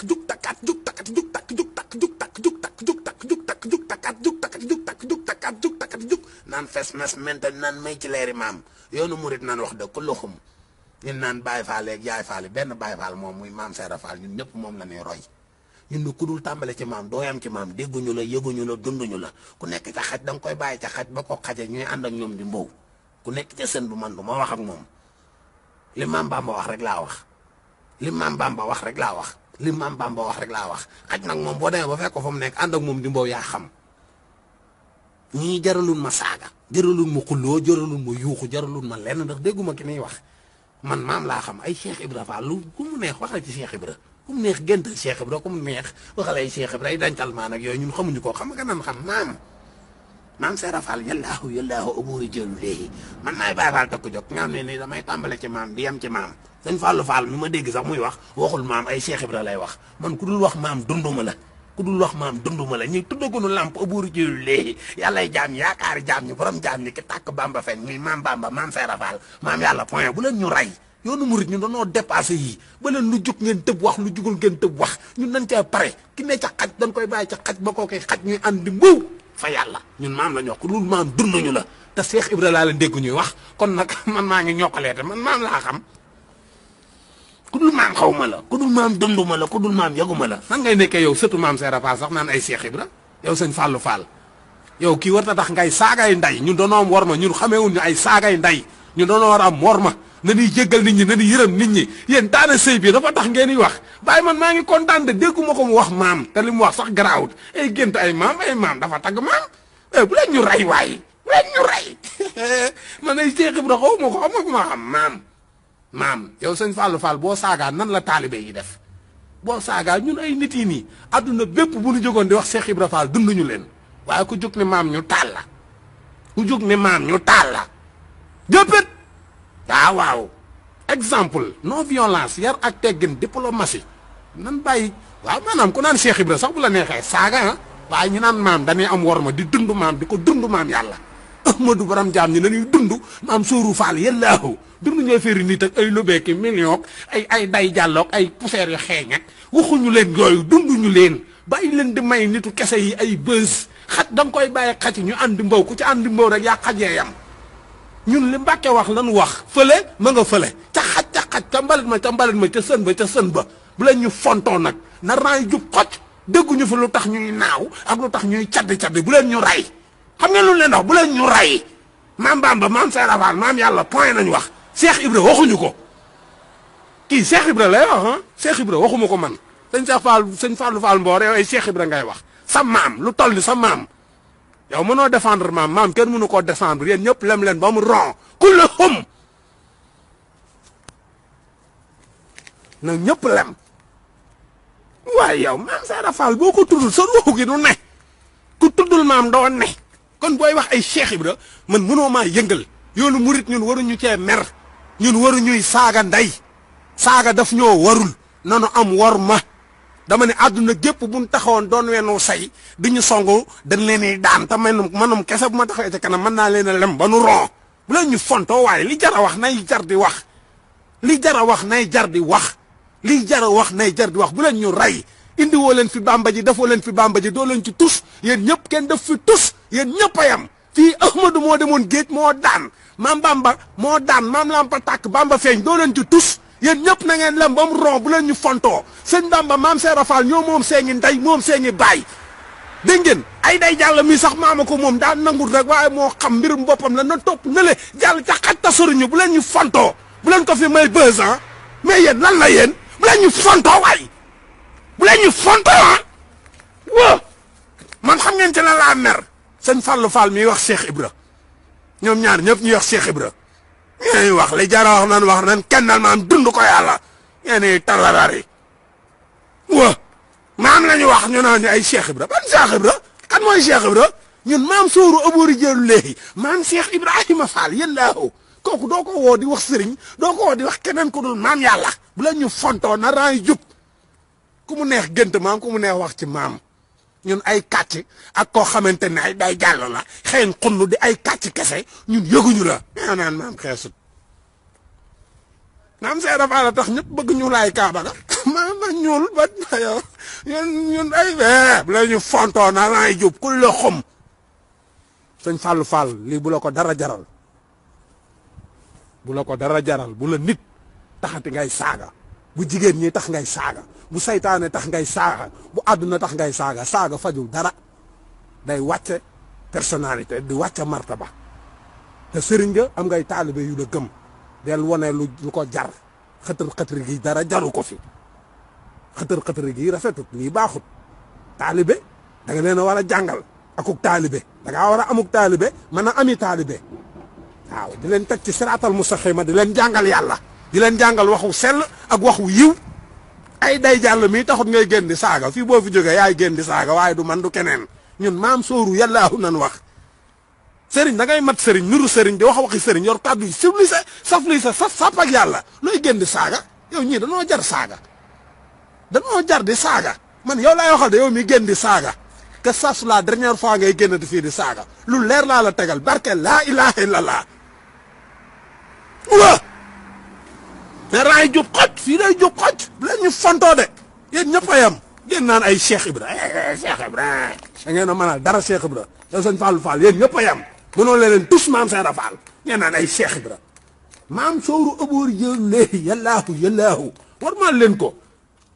takk jug takkaat jug takkaat jug takk jug takk jug takk jug takk jug takk jug takk jug takkaat jug takkaat jug takk jug takkaat jug takkaat jug naan fes mes mente naan may ci leeri maam yoonu murit naan wax dëgg loxum ñun naan Baye Fall ak Yaay Fall benn Baye Fall moom muy maam Seera Fall ñun ñëpp moom la ñuy roy ñun ñu ku dul tàmbale ci maam dooyam ci maam dégguñu la yëguñu la dunduñu la ku nekk ca xaj da nga koy bàyyi ca xaj ba ko xaje ñuy ànd ak ñoom di mbow ku nekk ca sën bu man du ma wax ak moom li maam Bamba wax rek laa wax li maam Bamba wax rek laa wax li maam Bamba wax rek laa wax xaj nag moom boo demee ba fekk ko fa mu nekk ànd ak moom di mboow yaa xam ñii jaraloon ma saaga jaraloon ma xulloo jaraloon ma yuuxu jaraloon ma lenn ndax dégguma ki niy wax man maam laa xam ay Cheikh Ibra Fall lu ku neex waxal ci Cheikh Ibra ku neex géntal Cheikh Ibra ku mu neex waxal ay Cheikh Ibra ay dantal maan ak yooyu ñun xamuñu ko xam nga nan xam maam maam Serap Fall yallaahu yallaahu umuri jëlu léegi man maay Baay Fall takku jóg nga xam ne nii damay tàmbale ci maam di yem ci maam sëñ Fallou Fall mi ma dégg sax muy wax waxul maam ay Cheikh Ibra lay wax man ku dul wax maam dunduma la ku dul wax maam dunduma la ñu tuddagunu làmp uburu jëlu léegi yàllay jaam ñi yaakaari jaam ñi borom jaam ñi ki tàkk Bamba fen ñuy maam Bamba maam Serap Fall maam yàlla point bu leen ñu rey yoonu murit ñu dañoo dépassé yii ba leen lu jug ngeen tëb wax lu jugul ngeen tëb wax ñun nañ cee pare ki ne ca xaj dañ koy bàyyi ca xaj ba koo koy xaj ñuy andi mbuw fa yàlla ñun maam la ñu ko loolu maam dund nañu la te Cheikh Ibra laa leen dégg ñuy wax kon nag man maa ngi ñokkalee te man maam laa xam ku dul maam xaw ma la ku maam dundu ma la ku dul maam yaguma la. nan ngay nekkee yow sëtu maam Seera Fall sax naan ay Cheikh Ibra yow sëñ Fallou Fall yow kii war na tax ngay saagay nday ñun doon war ma ñun xamee wuñ ñu ay saagay nday ñun danoo war am war ma na ñuy jéggal nit ñi na ñuy yërëm nit ñi yéen daana sey bi dafa tax ngeen di wax bàyyi man maa ngi kontaan de dégguma ko mu wax maam te mu wax sax garaawut ay gént ay maam ay maam dafa tagg maam eh, bu leen ñu rey waaye bu leen ñu rey man ay Cheikh Ibra xaw ma ko xam ma xam maam. maam yow sëñ Fallou Fall boo saagaa nan la taalibe yi def boo saagaa ñun ay nit yi nii àdduna bépp bu ñu jógoon di wax Cheikh Ibra Fall dunduñu leen waaye ku jóg ne maam ñu taal la ku jóg ne maam ñu taal la waaw ah, waaw exemple non violence yar ak teggin diplomatie nan bàyyi waaw maanaam ku naan Cheikh Ibra sax bu la neexee saaga ah. waaye ñu naan maam dañuy am ma di dund maam di ko dund maam yàlla Ahmadu Borom jaam ñi dañuy dund maam sóoru faal yàllaahu dund ñooy féeri nit ak ay lobeeki million ay ay day jàllook ay poussière yu xeeñ ak waxuñu leen yooyu dunduñu leen bàyyi leen di may nitu kese yi ay bës xat da koy bàyyi xaj ñu àndi mbaw ku ci àndi mbaw rek yaa xajee yam ñun li Mbàkke wax lan wax fële ma nga fële ca xaj ca xaj ca mbalit ma ca mbalit ma ca sën ba ca sën ba bu leen ñu fontoo nag na ran jub xoj dégguñu fi lu tax ñuy naaw ak lu tax ñuy caddi caddi bu leen ñu rey xam ngeen lu leen wax bu leen ñu rey maam Bamba maam Serafal maam yàlla point nañu wax Cheikh Ibra waxuñu ko kii Cheikh Ibra lay wax ah Cheikh Ibra waxuma ko man sëñ Cheikh Fall sëñ Fallou Fall Mboor yow ay Cheikh Ibra ngay wax sa maam lu toll ni sa maam yow mënoo défendre maam maam kenn mënu ko défendre yeen ñëpp lem leen ba mu ron kulluhum na ñëpp lem way yow maam sa rafal kutur tuddul sa ruux gi du ne ku tuddul maam do ne kon boy wax ay Cheikh Ibra man mëno ma yëngal yoonu murit ñun ñu ci mer ñun ñuy saga nday saga daf ñoo warul nanu am war ma dama ne aduna gep buñ taxawon doon weenu say di songu dañ leni daan ta manum manum kessa buma ma ci kanam mën naa lem banu ron bu leen ñu fontoo li jar wax nay jar di wax li jar wax nay jar di wax li jara wax nay jar di wax bu leen ñu indi wo leen fi bamba ji dafo leen fi bamba ji do leen ci tus yeen ñëpp kenn def fi tus yeen ñëpp ayam yam ahmadu moo demoon géej daan mam bamba mo daan mam lampa tak bamba feñ do leen ci tus yéen ñëpp na ngeen lem ba mu ron bu leen ñu fontoo sëñ Bamba maam Seera Fall ñoo moom see seeni ndey moom seeni baay dégg ngeen ay day jàll mi sax maama ko moom daan nangul rek waaye moo xam mbirum boppam la na topp na le jàll ca xaj ta soriñu bu leen ñu fontoo bu leen ko fi may deux ans ah. mais yéen lan la yéen bu leen ñu fontoo waay bu leen ñu ah. wa man xam ngeen ci la laa mer sëñ Fallou Fall miy wax Cheikh Ibra ñoom ñaar ñëpp ñuy wax Cheikh Ibra yéen wax li jara wax nan wax nan kennal maam dund ko yàlla yéen talaraar yi wa maam la ñu wax ñu naan ñu ay Cheikh Ibra ban Cheikh Ibra kan mooy Cheikh Ibra ñun maam sóoru aboori jéelu léegi maam Cheikh Ibrahima Fall yéen laa woo kooku doo ko woo di wax sëriñ doo ko woo di wax keneen ku dul maam yàlla bu la ñu fontoo na ran jub ku mu neex gënt maam ku mu neex wax ci maam ñun ay kàcc ak koo xamante ne ay day jàll la xëy xunn di ay kàcc kese ñun yëguñu la. yaa naan maam xeesut naam see dafa tax ñëpp bëgg ñu laay kaaba ga maam ma ñuul ba yow ñun ay bee la ñu fontoo na laay jub ku la xom sëñ fal Fall lii bula ko dara jaral bula ko dara jaral bu nit taxati ngay saaga. bu jigéen ñi tax ngay saaga bu seytaane tax ngay saaga bu àdduna tax ngay saaga saaga fajul dara day wàcce personnalité di wàcce martaba te sëriñ nga am ngay taalibe yu la gëm del wane lu lu ko jar xëtër xëtër gi dara jaru ko fi xëtër xëtër gi rafetut lii baaxut taalibe da nga leen a war a jàngal akuk taalibe da war a amuk taalibe mën a ami taalibe waaw di leen teg ci siraatal ma di leen jàngal yàlla di len jangal waxu sel ak waxu yiw ay day jall mi taxut ngay genn di saaga fii boo fi joge yaay genn di saaga du man du kenen ñun maam yalla hu nan wax serigne da ngay mat serigne nuru serigne di wax waxi serigne yor kàddu yi sibli sa saf li sa saf sàpp ak yàlla di saaga yow ñii danoo jar saga danoo jar di saga man yow lay waxal de yow mi genn di saaga que la dernière fois ngay genn di di saga lu leer la la tegal barke la ilaha illallah wa mais raay jub xoj fii day jub xoj bu leen ñu fontoo de yéen ñëpp a yem ngeen naan ay Cheikh Ibra Cheikh Ibra da ngeen a mënal dara Cheikh Ibra yow sëñ Fallou Fall yéen ñëpp a yem mënoo leen tous maam Seera Fall ngeen naan ay Cheikh Ibra maam sooru ëboor yëllee yallaahu yallaahu war maa leen ko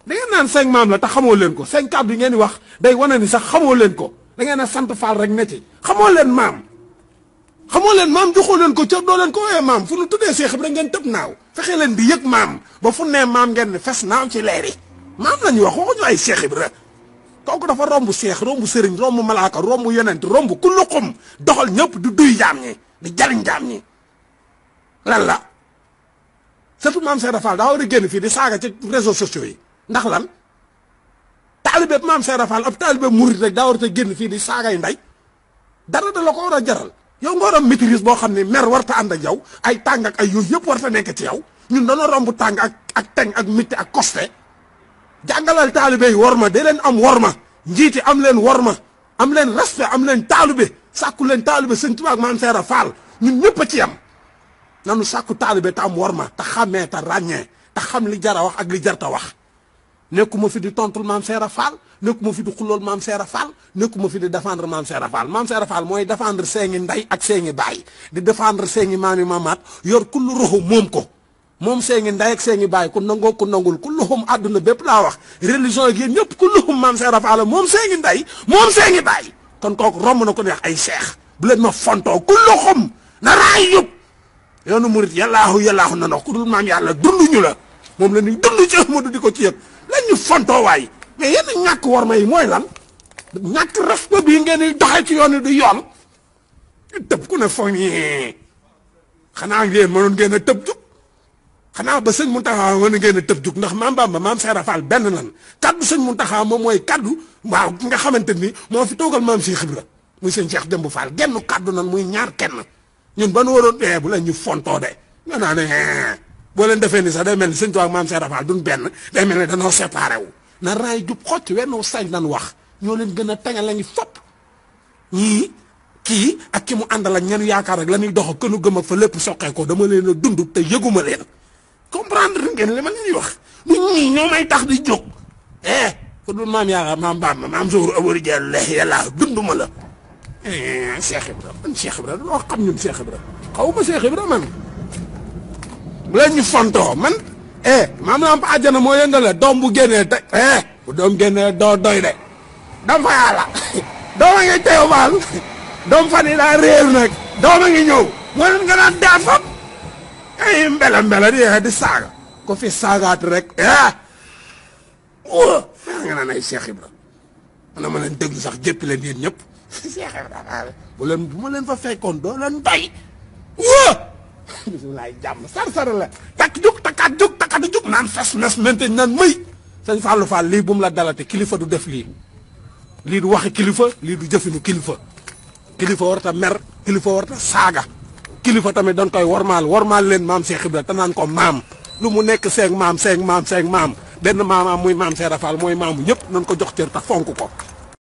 da ngeen naan seen maam la te xamoo leen ko seen kàddu yi ngeen di wax day wane ni sax xamoo leen ko da ngeen a sant Fall rek ne ci xamoo leen maam xamoo leen maam joxoo leen ko cër doo leen ko woowee maam fu nu tuddee bi Ibra ngeen tëb naaw fexe leen di yëg maam ba fu nee maam ngeen ne fes naaw ci leer yi maam lañu wax waxuñu ay Cheikh Ibra kooku dafa romb seex romb sëriñ romb malaaka romb yonent romb ku luqum doxal ñëpp du duy jaam ñi di jariñ jaam ñi lan la surtout maam Seera rafal daa war a génn fii di saaga ci réseaux sociaux yi ndax lan talibé maam Seera rafal ab talibé murit rek daa war a génn fii di saagay nday dara da la ko war a jaral yow nga doon maîtrise boo xam ne mer warta ànd a jaw ay tàng ay yooyu yëpp warta nekk ci yow ñun dañoo romb tàng ak ak teng ak métti ak koste jàngalal taalibe yi war ma da leen am war ma njiiti am leen war ma am leen respect am leen taalibe sàkku leen taalibe sëñ Tuubaa ak maam a Faal ñun ñëpp a ci yam nanu sàkku taalibe te am war ma te xàmmee te ràññee te xam li jara wax ak li jarta wax nekku ma fi di tontul maam Seera Fall nekkuma fi di xullool maam Seera Fall fi di défendre maam Seera Fall maam Seera Fall mooy défendre seeni ndey ak seeni baay di défendre seeni ma maamaat yor kullu ruxu moom ko moom seeni ndey ak seeni baay ku nangoo ku nangul kulluhum àdduna bépp laa wax religion ak yéen ñëpp kulluhum maam Seera Fall moom seeni ndey moom seeni baay kon kooku romb na ko neex ay seex bu leen ma fontoo kulluhum na raay yëpp yoonu murit yàllaahu yàllaahu na ndox ku dul maam yàlla la moom la ñuy dund ci Ahmadu ko ci yëg leen ñu fontoowaay mais yenn ñàkk worma yi mooy lan ñàkk respect bii ngeen di doxee ci yoon du yoon tëb ku ne foog ñii xanaa ngeen mënoon ngeen a tëb jug xanaa ba sëñ Mountakha mën ngeen a tëb jug ndax maam Bamba maam Serap Fall benn lan kaddu sëñ Mountakha moom mooy kaddu waaw ki nga xamante ni moo fi toogal maam si xibra muy sëñ Cheikh Demba Fall genn kaddu nan muy ñaar kenn ñun ba nu waroon bu la ñu fontoo de nga naa ne eh, boo leen defee ni sax day mel ni sëñ Tuubaa maam Cheikh Rafal duñ benn day mel ni danoo séparé wu na raay jub xotti wenn sañ nan wax ñoo leen gën a tàngal la ñu fopp ñii kii ak ki mu àndal ak ñenu yaakaar ak la ñuy dox ak kënu gëm ak fa lépp soqee ko dama leen a dund te yëguma leen comprendre ngeen li ma leen wax du ñii ñoo may tax di jóg eh ko dul maam yaakaar maam baam ma maam sowru abori jàll la yàlla dunduma la eh, Cheikh Ibra man Cheikh Ibra loo xam ñun Cheikh xaw ma Cheikh Ibra man bu leen ñu fontoo man eh maam la am àjjana moo yëngale doom bu génnee te eh bu doom génnee doo doy de dafa yàlla doom ngi teew baal doom fan yi daa réer nag doom ngi ñëw moo leen nga naan daa fab ay mbela mbela di di saaga ko fi saagaat rek eh wa nga leen déglu sax jëppi leen yéen ñëpp Cheikh Ibra leen bu ma leen fa fekkoon doo leen doy wa bisimilah jàmm sar-sar la takk jug takkaat jug takkaat jug naan fes nes nante naan mëy sëñ Fallou Fall lii bu la dalate kilifa du def lii lii du waxi kilifa lii du jëfinu kilifa kilifa warta mer kilifa warta saaga kilifa tamit dañ koy war wormaal leen maam Cheikh Ibra te ko maam lu mu nekk seeg maam seeg maam seeg maam benn maamaam muy maam Cheikh Fall mooy maamu ñëpp nañ ko jox cër te fonk ko